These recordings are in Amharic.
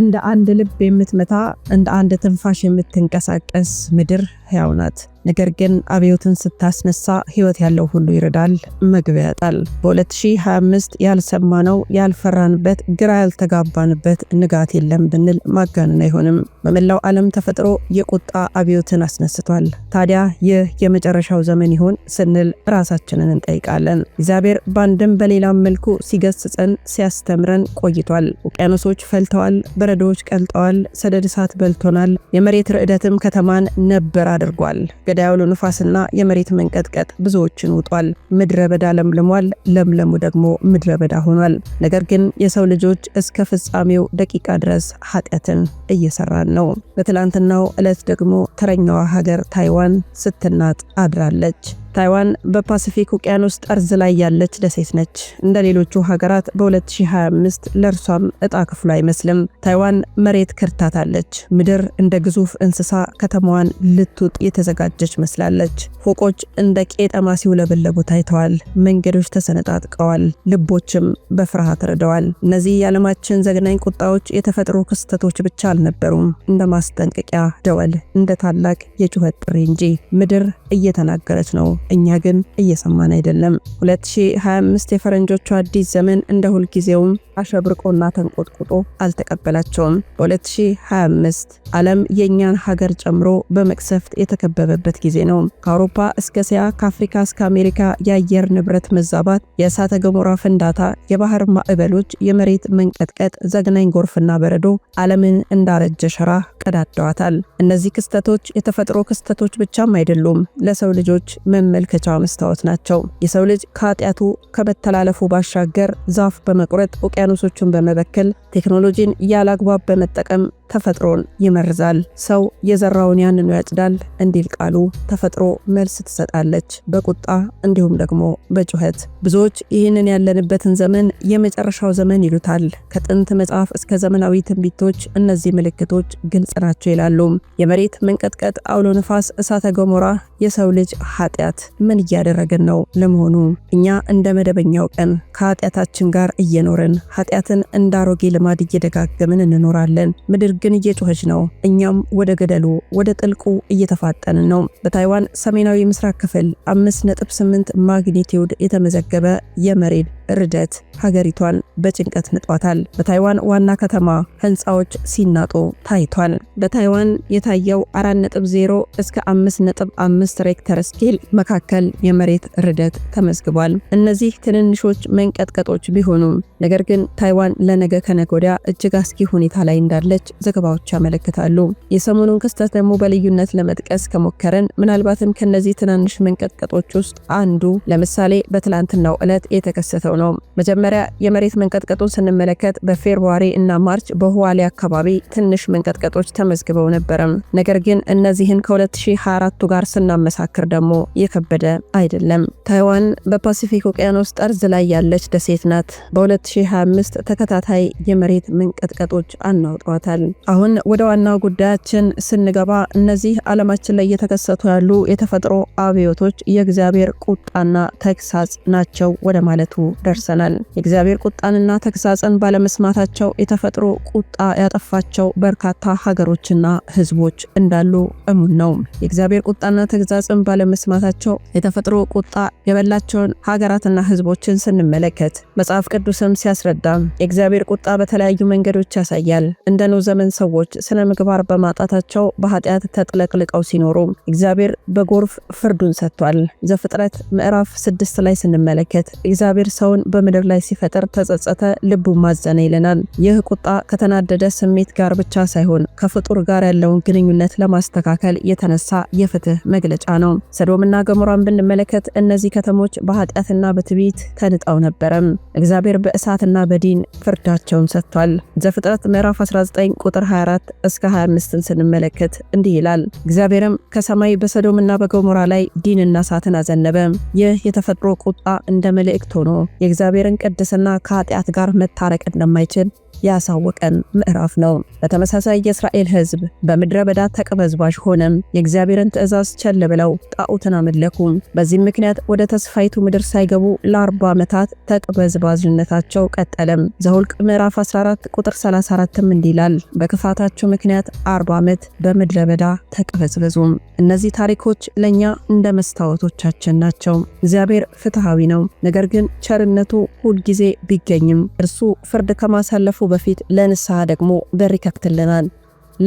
እንደ አንድ ልብ የምትመታ እንደ አንድ ትንፋሽ የምትንቀሳቀስ ምድር ሕያው ናት። ነገር ግን አብዮትን ስታስነሳ ሕይወት ያለው ሁሉ ይረዳል፣ መግቢያ ያጣል። በ2025 ያልሰማነው ያልፈራንበት፣ ግራ ያልተጋባንበት ንጋት የለም ብንል ማጋነን አይሆንም። በመላው ዓለም ተፈጥሮ የቁጣ አብዮትን አስነስቷል። ታዲያ ይህ የመጨረሻው ዘመን ይሆን ስንል ራሳችንን እንጠይቃለን። እግዚአብሔር በአንድም በሌላም መልኩ ሲገስጸን ሲያስተምረን ቆይቷል። ውቅያኖሶች ፈልተዋል፣ በረዶዎች ቀልጠዋል፣ ሰደድ እሳት በልቶናል፣ የመሬት ርዕደትም ከተማን ነበራ አድርጓል። ገዳዩ ንፋስና የመሬት መንቀጥቀጥ ብዙዎችን ውጧል። ምድረ በዳ ለምልሟል፣ ለምለሙ ደግሞ ምድረ በዳ ሆኗል። ነገር ግን የሰው ልጆች እስከ ፍጻሜው ደቂቃ ድረስ ኃጢአትን እየሰራን ነው። በትላንትናው ዕለት ደግሞ ተረኛዋ ሀገር ታይዋን ስትናጥ አድራለች። ታይዋን በፓሲፊክ ውቅያኖስ ጠርዝ ላይ ያለች ደሴት ነች። እንደ ሌሎቹ ሀገራት በ2025 ለእርሷም እጣ ክፍሉ አይመስልም። ታይዋን መሬት ከድታታለች። ምድር እንደ ግዙፍ እንስሳ ከተማዋን ልትውጥ የተዘጋጀች መስላለች። ፎቆች እንደ ቄጠማ ሲውለበለቡ ታይተዋል። መንገዶች ተሰነጣጥቀዋል። ልቦችም በፍርሃት ረደዋል። እነዚህ የዓለማችን ዘግናኝ ቁጣዎች የተፈጥሮ ክስተቶች ብቻ አልነበሩም። እንደ ማስጠንቀቂያ ደወል፣ እንደ ታላቅ የጩኸት ጥሪ እንጂ ምድር እየተናገረች ነው። እኛ ግን እየሰማን አይደለም። 2025 የፈረንጆቹ አዲስ ዘመን እንደ ሁልጊዜውም አሸብርቆና ተንቆጥቁጦ አልተቀበላቸውም። በ2025 ዓለም የእኛን ሀገር ጨምሮ በመቅሰፍት የተከበበበት ጊዜ ነው። ከአውሮፓ እስከ እስያ፣ ከአፍሪካ እስከ አሜሪካ የአየር ንብረት መዛባት፣ የእሳተ ገሞራ ፍንዳታ፣ የባህር ማዕበሎች፣ የመሬት መንቀጥቀጥ፣ ዘግናኝ ጎርፍና በረዶ ዓለምን እንዳረጀ ሸራ ቀዳደዋታል። እነዚህ ክስተቶች የተፈጥሮ ክስተቶች ብቻም አይደሉም፣ ለሰው ልጆች መመልከቻ መስታወት ናቸው። የሰው ልጅ ከኃጢአቱ ከመተላለፉ ባሻገር ዛፍ በመቁረጥ ውቅያኖሶቹን በመበከል ቴክኖሎጂን ያላግባብ በመጠቀም ተፈጥሮን ይመርዛል። ሰው የዘራውን ያንኑ ያጭዳል እንዲል ቃሉ፣ ተፈጥሮ መልስ ትሰጣለች በቁጣ እንዲሁም ደግሞ በጩኸት። ብዙዎች ይህንን ያለንበትን ዘመን የመጨረሻው ዘመን ይሉታል። ከጥንት መጽሐፍ እስከ ዘመናዊ ትንቢቶች እነዚህ ምልክቶች ግልጽ ናቸው ይላሉ። የመሬት መንቀጥቀጥ፣ አውሎ ነፋስ፣ እሳተ ገሞራ፣ የሰው ልጅ ኃጢአት። ምን እያደረግን ነው ለመሆኑ? እኛ እንደ መደበኛው ቀን ከኃጢአታችን ጋር እየኖርን ኃጢአትን እንደ አሮጌ ልማድ እየደጋገምን እንኖራለን ምድር ግን እየጮኸች ነው። እኛም ወደ ገደሉ ወደ ጥልቁ እየተፋጠንን ነው። በታይዋን ሰሜናዊ ምስራቅ ክፍል 5.8 ማግኒቲዩድ የተመዘገበ የመሬት ርደት ሀገሪቷን በጭንቀት ንጧታል። በታይዋን ዋና ከተማ ህንፃዎች ሲናጡ ታይቷል። በታይዋን የታየው 4.0 እስከ 5.5 ሬክተር ስኬል መካከል የመሬት ርደት ተመዝግቧል። እነዚህ ትንንሾች መንቀጥቀጦች ቢሆኑም ነገር ግን ታይዋን ለነገ ከነጎዳ እጅግ አስጊ ሁኔታ ላይ እንዳለች ዘገባዎች ያመለክታሉ። የሰሞኑን ክስተት ደግሞ በልዩነት ለመጥቀስ ከሞከርን ምናልባትም ከነዚህ ትናንሽ መንቀጥቀጦች ውስጥ አንዱ ለምሳሌ በትላንትናው ዕለት የተከሰተው ነው። መጀመሪያ የመሬት መንቀጥቀጡን ስንመለከት በፌብሩዋሪ እና ማርች በሁዋሌ አካባቢ ትንሽ መንቀጥቀጦች ተመዝግበው ነበርም። ነገር ግን እነዚህን ከ 2024 ጋር ስናመሳክር ደግሞ የከበደ አይደለም። ታይዋን በፓሲፊክ ውቅያኖስ ጠርዝ ላይ ያለች ደሴት ናት። በ2025 ተከታታይ የመሬት መንቀጥቀጦች አናውጧታል። አሁን ወደ ዋናው ጉዳያችን ስንገባ እነዚህ ዓለማችን ላይ እየተከሰቱ ያሉ የተፈጥሮ አብዮቶች የእግዚአብሔር ቁጣና ተግሳጽ ናቸው ወደ ማለቱ ደርሰናል። የእግዚአብሔር ቁጣንና ተግሳጽን ባለመስማታቸው የተፈጥሮ ቁጣ ያጠፋቸው በርካታ ሀገሮችና ህዝቦች እንዳሉ እሙን ነው። የእግዚአብሔር ቁጣና ተግዛጽን ባለመስማታቸው የተፈጥሮ ቁጣ የበላቸውን ሀገራትና ህዝቦችን ስንመለከት መጽሐፍ ቅዱስም ሲያስረዳ የእግዚአብሔር ቁጣ በተለያዩ መንገዶች ያሳያል። እንደ ኖህ ዘመን የዘመን ሰዎች ስነ ምግባር በማጣታቸው በኃጢአት ተጥለቅልቀው ሲኖሩ እግዚአብሔር በጎርፍ ፍርዱን ሰጥቷል። ዘፍጥረት ምዕራፍ ስድስት ላይ ስንመለከት እግዚአብሔር ሰውን በምድር ላይ ሲፈጥር ተጸጸተ፣ ልቡ ማዘነ ይለናል። ይህ ቁጣ ከተናደደ ስሜት ጋር ብቻ ሳይሆን ከፍጡር ጋር ያለውን ግንኙነት ለማስተካከል የተነሳ የፍትህ መግለጫ ነው። ሰዶምና ገሞራን ብንመለከት እነዚህ ከተሞች በኃጢአትና በትዕቢት ተንጠው ነበረም። እግዚአብሔር በእሳትና በዲን ፍርዳቸውን ሰጥቷል። ዘፍጥረት ምዕራፍ 19 ቁጥር 24 እስከ 25ን ስንመለከት እንዲህ ይላል፣ እግዚአብሔርም ከሰማይ በሰዶምና በገሞራ ላይ ዲንና እሳትን አዘነበ። ይህ የተፈጥሮ ቁጣ እንደ መልእክት ሆኖ የእግዚአብሔርን ቅድስና ከኃጢአት ጋር መታረቅ እንደማይችል ያሳወቀን ምዕራፍ ነው። በተመሳሳይ የእስራኤል ሕዝብ በምድረ በዳ ተቀበዝባዥ ሆነም የእግዚአብሔርን ትእዛዝ ቸል ብለው ጣዖትን አመለኩ። በዚህም ምክንያት ወደ ተስፋይቱ ምድር ሳይገቡ ለ40 ዓመታት ተቅበዝባዥነታቸው ቀጠለም። ዘሁልቅ ምዕራፍ 14 ቁጥር 34ም እንዲህ ይላል በክፋታቸው ምክንያት 40 ዓመት በምድረ በዳ ተቀበዝበዙ። እነዚህ ታሪኮች ለእኛ እንደ መስታወቶቻችን ናቸው። እግዚአብሔር ፍትሐዊ ነው፣ ነገር ግን ቸርነቱ ሁልጊዜ ቢገኝም እርሱ ፍርድ ከማሳለፉ በፊት ለንስሐ ደግሞ በር ይከፍትልናል።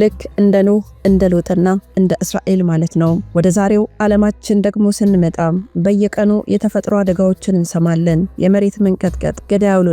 ልክ እንደ ኖህ እንደ ሎጥና እንደ እስራኤል ማለት ነው። ወደ ዛሬው ዓለማችን ደግሞ ስንመጣ በየቀኑ የተፈጥሮ አደጋዎችን እንሰማለን። የመሬት መንቀጥቀጥ፣ ገዳይ አውሎ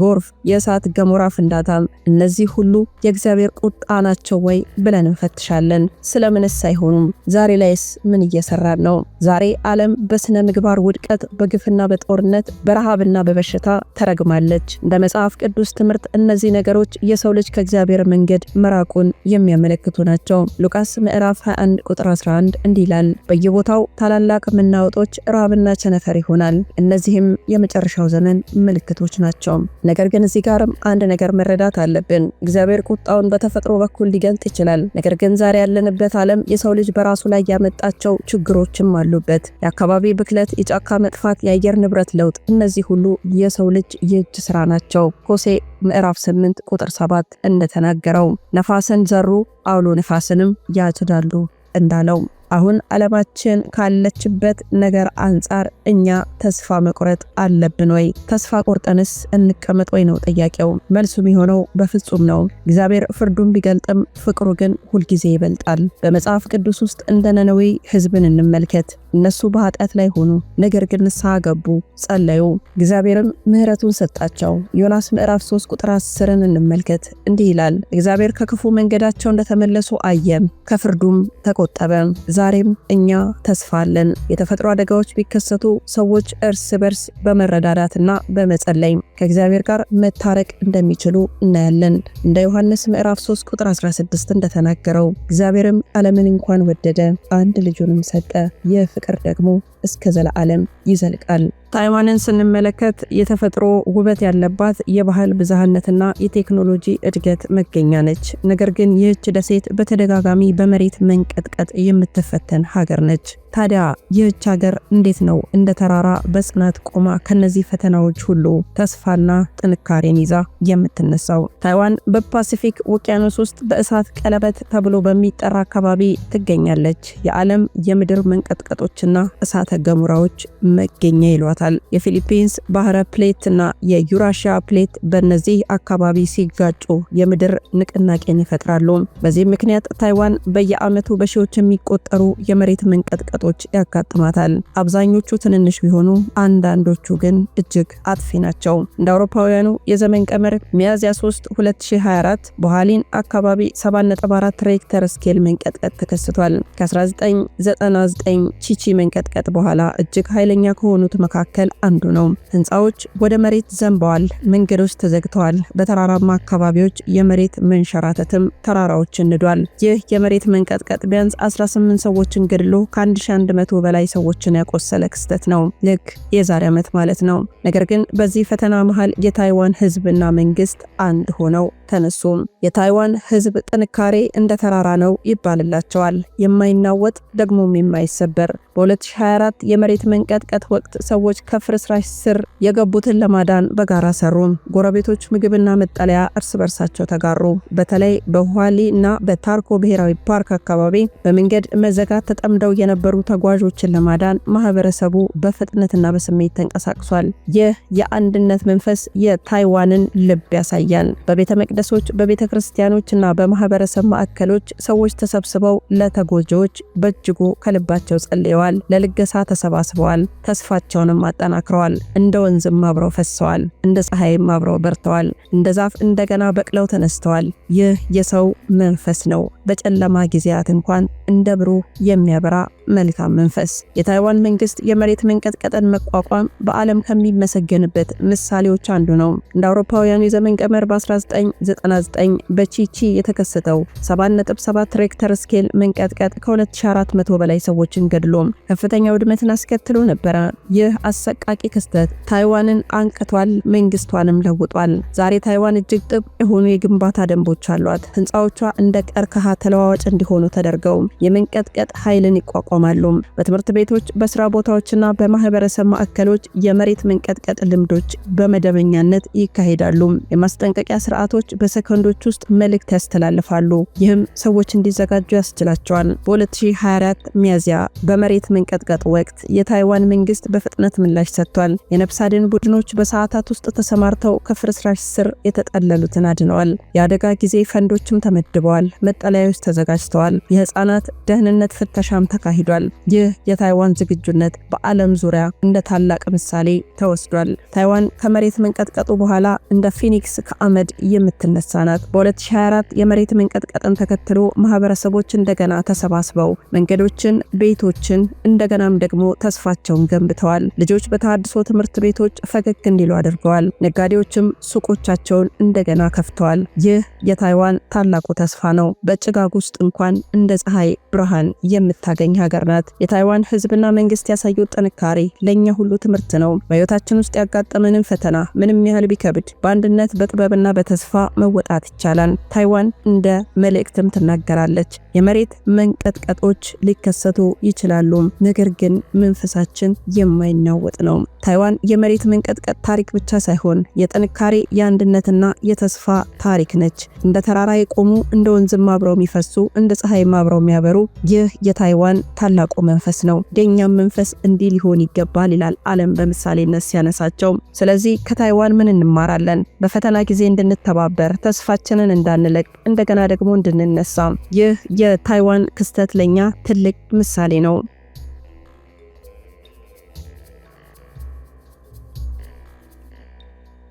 ጎርፍ፣ የእሳት ገሞራ ፍንዳታ፣ እነዚህ ሁሉ የእግዚአብሔር ቁጣ ናቸው ወይ ብለን እንፈትሻለን። ስለምንስ አይሆኑም? ዛሬ ላይስ ምን እየሰራን ነው? ዛሬ ዓለም በስነ ምግባር ውድቀት፣ በግፍና በጦርነት በረሃብና በበሽታ ተረግማለች። እንደ መጽሐፍ ቅዱስ ትምህርት እነዚህ ነገሮች የሰው ልጅ ከእግዚአብሔር መንገድ መራቁን የሚያመለክቱ ናቸው። ሉቃስ ምዕራፍ 21 ቁጥር 11 እንዲህ ይላል፣ በየቦታው ታላላቅ መናወጦች፣ ረሃብና ቸነፈር ይሆናል። እነዚህም የመጨረሻው ዘመን ምልክቶች ናቸው። ነገር ግን እዚህ ጋርም አንድ ነገር መረዳት አለብን። እግዚአብሔር ቁጣውን በተፈጥሮ በኩል ሊገልጥ ይችላል። ነገር ግን ዛሬ ያለንበት ዓለም የሰው ልጅ በራሱ ላይ ያመጣቸው ችግሮችም አሉበት። የአካባቢ ብክለት፣ የጫካ መጥፋት፣ የአየር ንብረት ለውጥ፣ እነዚህ ሁሉ የሰው ልጅ የእጅ ስራ ናቸው። ሆሴዕ ምዕራፍ 8 ቁጥር 7 እንደተናገረው ነፋስን ዘሩ አውሎ ነፋስንም ያጭዳሉ እንዳለው አሁን ዓለማችን ካለችበት ነገር አንጻር እኛ ተስፋ መቁረጥ አለብን ወይ? ተስፋ ቆርጠንስ እንቀመጥ ወይ ነው ጥያቄው። መልሱ የሆነው በፍጹም ነው። እግዚአብሔር ፍርዱን ቢገልጥም ፍቅሩ ግን ሁልጊዜ ይበልጣል። በመጽሐፍ ቅዱስ ውስጥ እንደ ነነዌ ህዝብን እንመልከት። እነሱ በኃጢአት ላይ ሆኑ፣ ነገር ግን ንስሐ ገቡ፣ ጸለዩ፣ እግዚአብሔርም ምህረቱን ሰጣቸው። ዮናስ ምዕራፍ 3 ቁጥር 10ን እንመልከት። እንዲህ ይላል፣ እግዚአብሔር ከክፉ መንገዳቸው እንደተመለሱ አየም፣ ከፍርዱም ተቆጠበ። ዛሬም እኛ ተስፋ አለን። የተፈጥሮ አደጋዎች ቢከሰቱ ሰዎች እርስ በርስ በመረዳዳትና በመጸለይ ከእግዚአብሔር ጋር መታረቅ እንደሚችሉ እናያለን። እንደ ዮሐንስ ምዕራፍ 3 ቁጥር 16 እንደተናገረው እግዚአብሔርም ዓለምን እንኳን ወደደ፣ አንድ ልጁንም ሰጠ። ይህ ፍቅር ደግሞ እስከ ዘለዓለም ይዘልቃል። ታይዋንን ስንመለከት የተፈጥሮ ውበት ያለባት የባህል ብዝሃነትና የቴክኖሎጂ እድገት መገኛ ነች። ነገር ግን ይህች ደሴት በተደጋጋሚ በመሬት መንቀጥቀጥ የምትፈተን ሀገር ነች። ታዲያ ይህች ሀገር እንዴት ነው እንደ ተራራ በጽናት ቆማ ከነዚህ ፈተናዎች ሁሉ ተስፋና ጥንካሬን ይዛ የምትነሳው? ታይዋን በፓሲፊክ ውቅያኖስ ውስጥ በእሳት ቀለበት ተብሎ በሚጠራ አካባቢ ትገኛለች። የዓለም የምድር መንቀጥቀጦችና እሳተ ገሞራዎች መገኛ ይሏል። ይገኙበታል። የፊሊፒንስ ባህረ ፕሌት ና የዩራሺያ ፕሌት በእነዚህ አካባቢ ሲጋጩ የምድር ንቅናቄን ይፈጥራሉ። በዚህም ምክንያት ታይዋን በየዓመቱ በሺዎች የሚቆጠሩ የመሬት መንቀጥቀጦች ያጋጥማታል። አብዛኞቹ ትንንሽ ቢሆኑ አንዳንዶቹ ግን እጅግ አጥፊ ናቸው። እንደ አውሮፓውያኑ የዘመን ቀመር ሚያዝያ 3 2024 በኋሊን አካባቢ 7.4 ሬክተር ስኬል መንቀጥቀጥ ተከስቷል። ከ1999 ቺቺ መንቀጥቀጥ በኋላ እጅግ ኃይለኛ ከሆኑት መካከል መካከል አንዱ ነው። ህንፃዎች ወደ መሬት ዘንበዋል፣ መንገዶች ተዘግተዋል። በተራራማ አካባቢዎች የመሬት መንሸራተትም ተራራዎችን ንዷል። ይህ የመሬት መንቀጥቀጥ ቢያንስ 18 ሰዎችን ገድሎ ከ1100 በላይ ሰዎችን ያቆሰለ ክስተት ነው። ልክ የዛሬ ዓመት ማለት ነው። ነገር ግን በዚህ ፈተና መሃል የታይዋን ህዝብና መንግስት አንድ ሆነው ተነሱ። የታይዋን ህዝብ ጥንካሬ እንደ ተራራ ነው ይባልላቸዋል። የማይናወጥ ደግሞም የማይሰበር። በ2024 የመሬት መንቀጥቀጥ ወቅት ሰዎች ከፍርስራሽ ስር የገቡትን ለማዳን በጋራ ሰሩ። ጎረቤቶች ምግብና መጠለያ እርስ በርሳቸው ተጋሩ። በተለይ በሁዋሊ እና በታርኮ ብሔራዊ ፓርክ አካባቢ በመንገድ መዘጋት ተጠምደው የነበሩ ተጓዦችን ለማዳን ማህበረሰቡ በፍጥነትና በስሜት ተንቀሳቅሷል። ይህ የአንድነት መንፈስ የታይዋንን ልብ ያሳያል። በቤተ መቅደ በመቅደሶች በቤተ ክርስቲያኖችና በማህበረሰብ ማዕከሎች ሰዎች ተሰብስበው ለተጎጂዎች በእጅጉ ከልባቸው ጸልየዋል፣ ለልገሳ ተሰባስበዋል፣ ተስፋቸውንም አጠናክረዋል። እንደ ወንዝም አብረው ፈሰዋል፣ እንደ ፀሐይም አብረው በርተዋል፣ እንደ ዛፍ እንደገና በቅለው ተነስተዋል። ይህ የሰው መንፈስ ነው። በጨለማ ጊዜያት እንኳን እንደ ብሩህ የሚያበራ መልካም መንፈስ። የታይዋን መንግስት የመሬት መንቀጥቀጥን መቋቋም በዓለም ከሚመሰገንበት ምሳሌዎች አንዱ ነው። እንደ አውሮፓውያኑ የዘመን ቀመር በ1999 በቺቺ የተከሰተው 7.7 ሬክተር ስኬል መንቀጥቀጥ ከ2400 በላይ ሰዎችን ገድሎ ከፍተኛ ውድመትን አስከትሎ ነበረ። ይህ አሰቃቂ ክስተት ታይዋንን አንቅቷል፣ መንግስቷንም ለውጧል። ዛሬ ታይዋን እጅግ ጥብቅ የሆኑ የግንባታ ደንቦች አሏት። ህንፃዎቿ እንደ ቀርከሃ ተለዋዋጭ እንዲሆኑ ተደርገው የመንቀጥቀጥ ኃይልን ይቋቋማል ይቆማሉ። በትምህርት ቤቶች፣ በስራ ቦታዎችና በማህበረሰብ ማዕከሎች የመሬት መንቀጥቀጥ ልምዶች በመደበኛነት ይካሄዳሉ። የማስጠንቀቂያ ስርዓቶች በሰከንዶች ውስጥ መልእክት ያስተላልፋሉ። ይህም ሰዎች እንዲዘጋጁ ያስችላቸዋል። በ2024 ሚያዝያ በመሬት መንቀጥቀጥ ወቅት የታይዋን መንግስት በፍጥነት ምላሽ ሰጥቷል። የነፍስ አድን ቡድኖች በሰዓታት ውስጥ ተሰማርተው ከፍርስራሽ ስር የተጠለሉትን አድነዋል። የአደጋ ጊዜ ፈንዶችም ተመድበዋል። መጠለያዎች ተዘጋጅተዋል። የህፃናት ደህንነት ፍተሻም ተካሂዷል። ተካሂዷል። ይህ የታይዋን ዝግጁነት በዓለም ዙሪያ እንደ ታላቅ ምሳሌ ተወስዷል። ታይዋን ከመሬት መንቀጥቀጡ በኋላ እንደ ፊኒክስ ከአመድ የምትነሳ ናት። በ2024 የመሬት መንቀጥቀጥን ተከትሎ ማህበረሰቦች እንደገና ተሰባስበው መንገዶችን፣ ቤቶችን እንደገናም ደግሞ ተስፋቸውን ገንብተዋል። ልጆች በተሃድሶ ትምህርት ቤቶች ፈገግ እንዲሉ አድርገዋል። ነጋዴዎችም ሱቆቻቸውን እንደገና ከፍተዋል። ይህ የታይዋን ታላቁ ተስፋ ነው። በጭጋግ ውስጥ እንኳን እንደ ፀሐይ ብርሃን የምታገኝ ሀገር ናት። የታይዋን ህዝብና መንግስት ያሳዩት ጥንካሬ ለእኛ ሁሉ ትምህርት ነው። በህይወታችን ውስጥ ያጋጠመንን ፈተና ምንም ያህል ቢከብድ በአንድነት በጥበብና በተስፋ መወጣት ይቻላል። ታይዋን እንደ መልእክትም ትናገራለች። የመሬት መንቀጥቀጦች ሊከሰቱ ይችላሉ፣ ነገር ግን መንፈሳችን የማይናወጥ ነው። ታይዋን የመሬት መንቀጥቀጥ ታሪክ ብቻ ሳይሆን የጥንካሬ የአንድነትና የተስፋ ታሪክ ነች። እንደ ተራራ የቆሙ እንደ ወንዝም አብረው የሚፈሱ እንደ ፀሐይም አብረው የሚያበሩ ይህ የታይዋን ታላቁ መንፈስ ነው። የእኛም መንፈስ እንዲህ ሊሆን ይገባል ይላል ዓለም በምሳሌነት ሲያነሳቸው። ስለዚህ ከታይዋን ምን እንማራለን? በፈተና ጊዜ እንድንተባበር፣ ተስፋችንን እንዳንለቅ፣ እንደገና ደግሞ እንድንነሳ። ይህ የታይዋን ክስተት ለእኛ ትልቅ ምሳሌ ነው።